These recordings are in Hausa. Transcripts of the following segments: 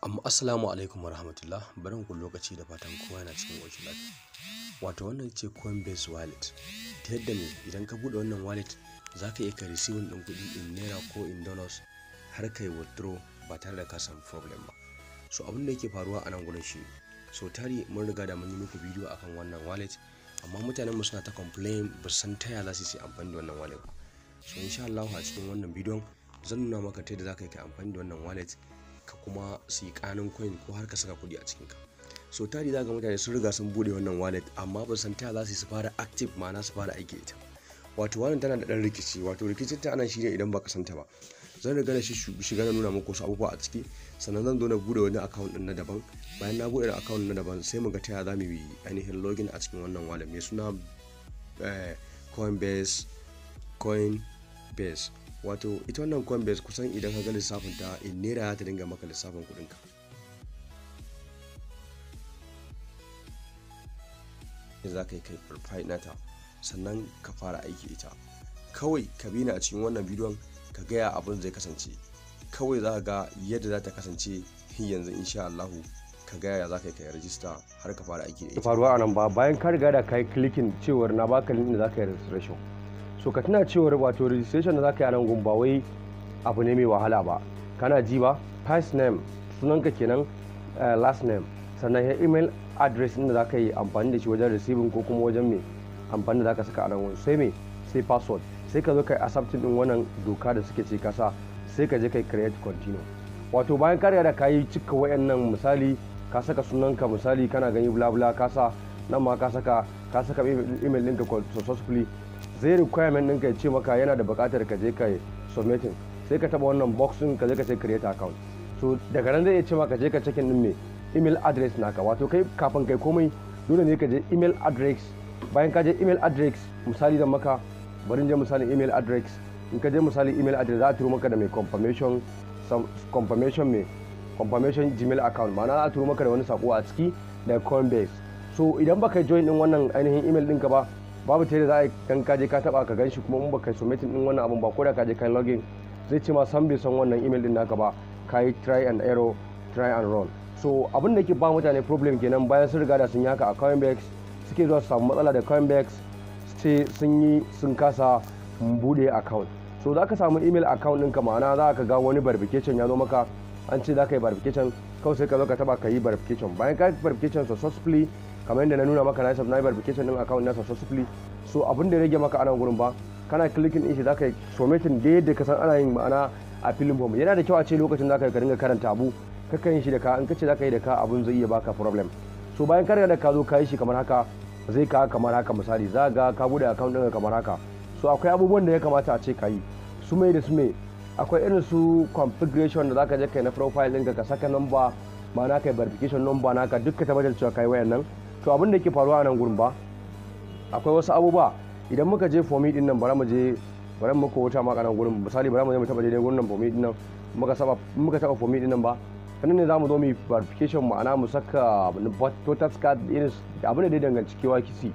Amma assalamu alaikum warahmatullah barin ku lokaci da fatan kowa yana cikin ƙoshin lafiya. Wato wannan ce Coinbase wallet ta yadda me idan ka buɗe wannan wallet za ka iya ka receiving ɗin kuɗi in naira ko in dollars har ka yi withdraw ba tare da ka samu problem ba. So abin da yake faruwa a nan gurin shi so tari mun riga da mun yi muku bidiyo akan wannan wallet amma mutanen mu suna ta complain ba san ta ya za su yi amfani da wannan wallet ba. So insha Allah a cikin wannan bidiyon zan nuna maka ta yadda za ka yi ka amfani da wannan wallet ka kuma su yi kanin coin ko har ka saka kuɗi a cikinka so tari za ga mutane sun riga sun bude wannan wallet amma ba san ta za su yi su fara active ma'ana su fara aiki ita wato wannan tana da dan rikici wato rikicin ta ana shi idan baka ta ba zan riga da shiga na nuna muku wasu abubuwa a ciki sannan zan zo na bude wani account din na daban bayan na bude account na daban sai mu ga ta za mu yi ainihin login a cikin wannan wallet mai suna eh, coinbase coinbase wato ita wannan coinbase kusan idan ka ga lissafin ta in eh, naira ta dinga maka lissafin kudinka za ka yi kai profile nata sannan ka fara aiki ita kawai ka bi ni a cikin wannan bidiyon ka gaya abin zai kasance kawai za ka ga yadda za ta kasance yanzu insha Allahu ka gaya za ka yi kai rajista har ka fara aiki da ita faruwa a bayan ka riga da kai clicking cewar na baka link da za ka yi registration so ka tuna cewar wato registration da za ka yi a nan ba wai abu ne mai wahala ba kana ji ba first name sunanka kenan eh, last name sannan ya email address inda za ka yi amfani da shi wajen receiving ko kuma wajen mai amfani da za ka saka a nan sai mai sai password sai ka zo ka yi accepting din wannan doka da suke ce kasa sai ka je ka yi create continue wato bayan ka da ka yi cika wayannan misali ka saka sunanka misali kana gani bla bla ka sa nan ma ka saka ka saka email ɗinka successfully zai requirement ɗin ka ce maka yana da buƙatar ka je kai submitting sai ka taɓa wannan box din ka je ka ce create account so daga nan zai iya ce maka je ka cikin din me email address naka wato kai kafin kai komai dole ne ka je email address bayan ka je email address misali zan maka bari je misali email address in ka je misali email address za a turo maka da mai confirmation confirmation mai confirmation gmail account ma'ana za a turo maka da wani sako a ciki da coinbase so idan baka join din wannan ainihin email ɗinka ba babu ta za a yi kan kaje ka taba ka ganshi kuma in baka submitting din wannan abun ba ko da kaje kai login zai ce ma san bai san wannan email din naka ba kai try and error try and run so abin da ke ba mutane problem kenan bayan sun riga da sun yi haka a Coinbase suke zuwa su samu matsala da Coinbase ce sun yi sun kasa bude account so za ka samu email account ɗinka ma'ana za ka ga wani verification ya zo maka an ce za ka yi verification kawai sai ka zo ka taba ka yi verification bayan ka yi verification successfully kamar yadda na nuna maka na na verification din account na successfully so abin da ya rage maka anan gurin ba kana clicking din shi zaka yi submitting da yadda ka san ana yin ma'ana a filin form yana da kyau a ce lokacin zaka ka dinga karanta abu kakan yin shi da ka in kace zaka yi da ka abun zai iya baka problem so bayan ka da ka zo ka yi shi kamar haka zai ka kamar haka misali za ga ka bude account din kamar haka so akwai abubuwan da ya kamata a ce ka yi su mai da su mai akwai irin su configuration da zaka je kai na profile ɗinka ka saka number ma'ana kai verification number naka duk ka tabbatar cewa kai wayan nan to abin da ke faruwa a nan gurin ba akwai wasu abubuwa idan muka je fomi din nan bara mu je bara mu ko wuta ma kanan gurin misali bara mu je mu taba daidai gurin nan fomi din nan muka saba muka taba fomi din nan ba sanin ne zamu zo mu verification ma'ana mu saka total card din abin da dai danganci KYC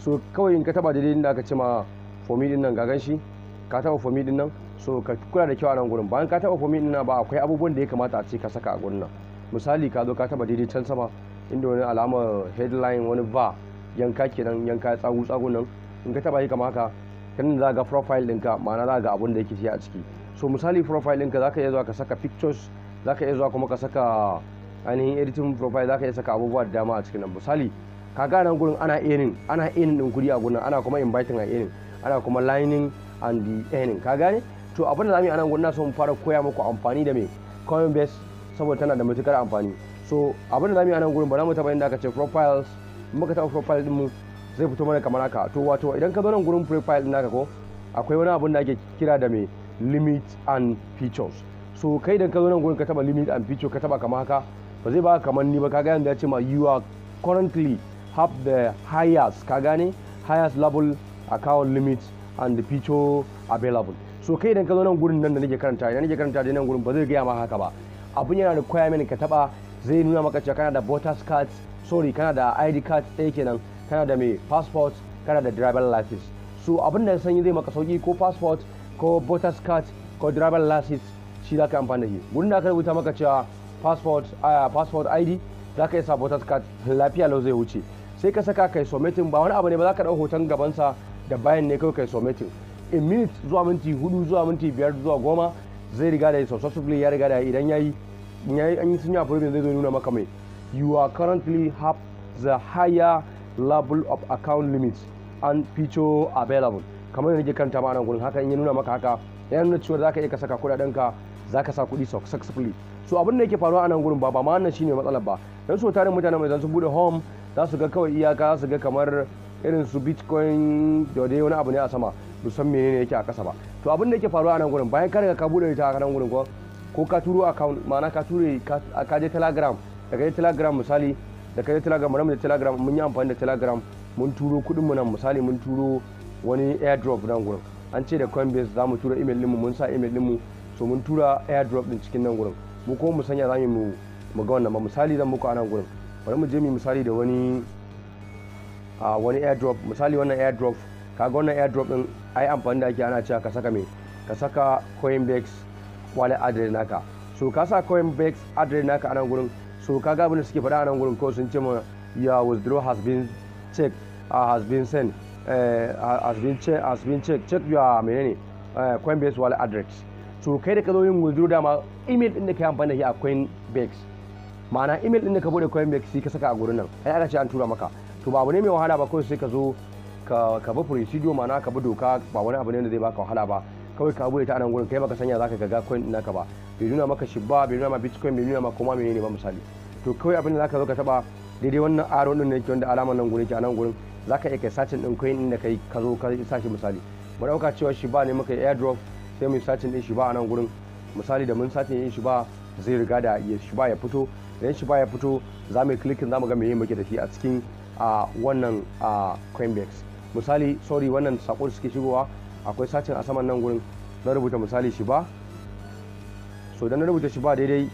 so kawai in ka taba daidai inda aka ce ma fomi din nan gagan shi ka taba fomi din nan so ka kula da kyau a nan gurin bayan ka taba fomi din nan ba akwai abubuwan da ya kamata a ce ka saka a gurin nan misali ka zo ka taba daidai can sama inda wani alamar headline wani va yanka kenan yanka tsagu tsagu nan in ka taba shi kama haka kan za ga profile ɗinka ma'ana za ga abin da yake shi a ciki so misali profile ɗinka za ka iya zuwa ka saka pictures za ka iya zuwa kuma ka saka ainihin editing profile za ka iya saka abubuwa da dama a cikin nan misali ka ga nan gurin ana earning ana earning din kuɗi a gurin ana kuma inviting a earning ana kuma lining and the earning ka gane to abin da za mu yi a nan gurin na so mu fara koya muku amfani da me coinbase saboda tana da matukar amfani so abin da zamu yi a nan gurin ba za mu taba da aka ce profiles muka taɓa profile din mu zai fito mana kamar haka to wato idan ka zo nan gurin profile din naka ko akwai wani abin da ake kira da mai limit and features so kai idan ka zo nan gurin ka taɓa limit and features ka taɓa kamar haka ba zai ka kamar ni ba ka gane da ya ce ma you are currently have the highest ka gane highest level account limit and the feature available so kai idan ka zo nan gurin nan da nake karanta idan nake karanta da nan gurin ba zai gaya ma haka ba abin yana da kwaya mini ka taba zai nuna maka cewa kana da voters card sorry kana da id card ɗaya kenan kana da mai passport kana da driver license so abin da sanyi zai maka sauki ko passport ko voters card ko driver license shi za ka amfani da shi wurin da aka rubuta maka cewa passport ah, passport id za ka isa voters card lafiya lau zai wuce sai ka saka kai submitting ba wani abu ne ba za ka ɗau hoton gabansa da bayan ne kawai kai submitting in minutes zuwa minti hudu zuwa minti biyar zuwa goma zai riga da yi successfully ya riga da idan ya yi yayi an yi sun yafa zai zo nuna maka mai you are currently have the higher level of account limits and feature available kamar yadda nake karanta ma nan gurin haka in ya nuna maka haka ya nuna cewa zaka iya ka saka kudaden ka zaka sa kudi successfully so abin da yake faruwa a nan gurin ba ba ma wannan shine matsalar ba dan so tarin mutanen mai zan su bude home za su ga kawai iyaka za su ga kamar irin su bitcoin da dai wani abu ne a sama musamman menene yake a kasa ba to abin da yake faruwa a nan gurin bayan ka riga ka bude ita a nan gurin ko ko ka turo account ma'ana ka ture ka je telegram da ka je telegram misali da ka je telegram mu da telegram mun yi amfani da telegram mun turo kudinmu mu nan misali mun turo wani airdrop nan gurin an ce da coinbase za mu tura email dinmu mun sa email dinmu so mun tura airdrop din cikin nan gurin mu ko mu sanya za mu mu ga wannan ba misali zan muku a nan gurin bari mu je mu misali da wani a wani airdrop misali wannan airdrop kaga wannan airdrop din ai amfani da ake ana cewa ka saka me ka saka coinbase wallet address naka so ka sa coinbase address naka anan gurin so ka ga abin da suke faɗa anan gurin ko sun ce ma your withdraw has been checked uh, has been sent uh, uh has been checked has been checked check your menene uh, coinbase wallet address so kai da ka zo yin withdraw dama email din da kai amfani da shi a coinbase ma'ana email din da ka bude coinbase sai ka saka a gurin nan ai aka ce an tura maka to ba abu ne mai wahala ba ko sai ka zo ka bi procedure ma'ana ka bi doka ba wani abu ne da zai baka wahala ba kawai ka abude ta anan gurin kai baka sanya zaka ga coin naka ba bai nuna maka shi ba bai nuna ma bitcoin bai nuna ma koma menene ba misali to kawai abin da zaka zo ka taba daidai wannan aro din ne yake wanda alamar nan gurin ke anan gurin zaka iya kai sacin din coin din da kai ka zo ka sa shi misali mu dauka cewa shi ba ne muka airdrop sai mu sacin din shi ba anan gurin misali da mun sacin din shi ba zai riga da shi ba ya fito idan shi ba ya fito za mu yi clicking za mu ga meye muke da shi a cikin a wannan a coinbase misali sorry wannan sakon suke shigowa akwai sacin a saman nan gurin na rubuta misali shi ba so idan na rubuta shi ba daidai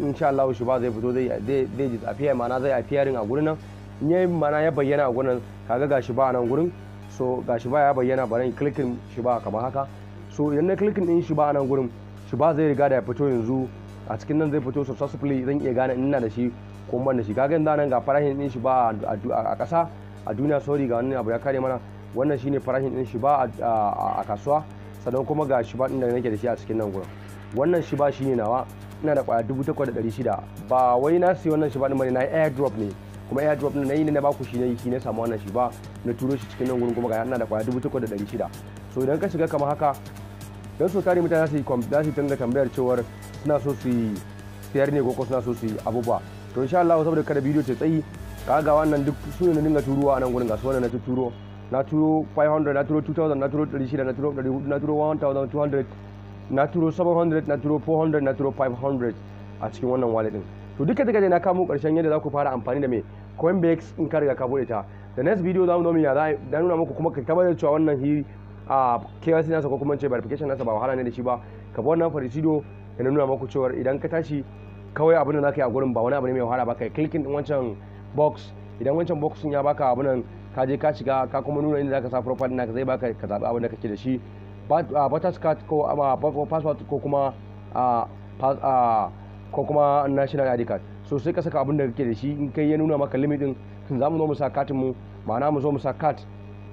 in sha Allah shi ba zai fito zai zai ji tsafiya mana zai afiyarin a gurin nan in yayi mana ya bayyana a gurin nan kaga shi ba nan gurin so ga shi ba ya bayyana baran clicking shi ba kamar haka so idan na clicking din shi ba nan gurin shi ba zai riga da ya fito yanzu a cikin nan zai fito successfully zan iya gane ina da shi ko ban da shi kaga yanzu nan ga farahin din shi ba a ƙasa a duniya sorry ga wannan abu ya kare mana wannan shine farashin din shiba a kasuwa sannan kuma ga shiba din da nake da shi a cikin nan gurin wannan shiba shine nawa ina da kwaya dubu takwas da ɗari shida ba wai na siya wannan shiba din bane na airdrop ne kuma airdrop na yi ne na baku shi ne shi ne samu wannan shiba na turo shi cikin nan gurin kuma ga ina da kwaya dubu takwas da ɗari shida so idan ka shiga kamar haka don so tare mutane za su yi za su tanga tambayar cewar suna so su yi siyar ne ko suna so su yi abubuwa to insha Allah saboda kada bidiyo ta tsayi kaga wannan duk su ne na dinga turuwa a nan gurin ga su wannan na turo na turo 500 na turo 2000 na turo 600 na turo 400 na turo 1200 na turo 700 na turo 400 na turo 500 a cikin wannan wallet din to duka duka na kamo karshen yadda za ku fara amfani da me coinbase in ka riga ka bude ta da next video za mu nuna ya za da nuna muku kuma ka tabbatar cewa wannan hi a KYC nasa ko kuma ce verification nasa ba wahala ne da shi ba ka bi wannan farisido da nuna muku cewa idan ka tashi kawai abin da za ka yi a gurin ba wani abu ne mai wahala ba kai clicking din wancan box idan wancan box ya baka abin nan ka je ka shiga ka kuma nuna inda zaka sa profile naka zai baka ka zabi abin da kake da shi butterscotch ko passport ko kuma ko kuma national id card so sai ka saka abin da kake da shi in kai ya nuna maka limitin din za mu zo mu sa katin mu ma'ana mu zo mu sa kat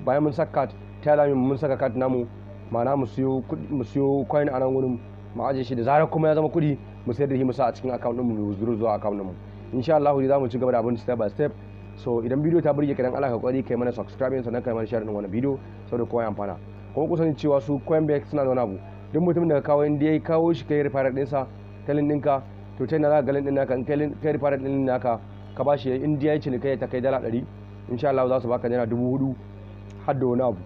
bayan mun sa card ta yi mun saka card namu ma'ana mu siyo mu siyo coin a nan gurin mu aje shi da zarar kuma ya zama kuɗi mu sayar da shi mu sa a cikin account din mu mu zuwa account din mu insha Allah za mu ci gaba da abin step by step so idan bidiyo ta burge ka dan Allah ka kwari kai mana subscribing sannan kai mana share din wannan bidiyo saboda kowa ya amfana kuma kusan cewa su Coinbase suna da wani abu duk mutumin da ka kawo inda ya kawo shi kai referral din sa talin dinka to ta na za ka din naka in kai referral din naka ka ba shi inda ya ci kai ta kai dala 100 insha Allah za su baka naira 4000 har da wani abu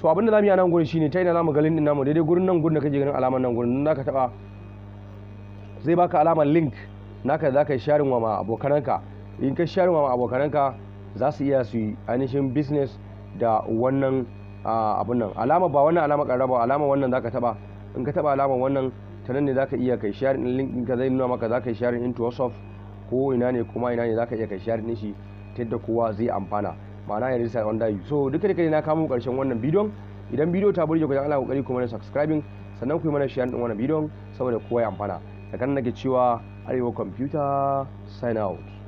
to abin da zamu yi a nan gurin shine ta ina zamu galin din namu daidai gurin nan gurin da kake ganin alamar nan gurin nan zaka taba zai baka alamar link naka za ka sharin wa abokananka in ka sharin wa ma abokananka za su iya su yi ainihin business da wannan abun nan alama ba wannan alama karaba alama wannan za ka taba in ka taba alama wannan ta nan ne za ka iya kai sharin din link ka zai nuna maka za ka yi sharing into whatsapp ko ina ne kuma ina ne za ka iya kai sharin din shi ta yadda kowa zai amfana ma'ana ya risa wanda yi so duka kai na kamo karshen wannan bidiyon idan bidon ta burge ku dan Allah kokari ku mana subscribing sannan ku yi mana sharin din wannan bidiyon saboda kowa ya amfana da kan nake cewa Haribo Computer, sign out.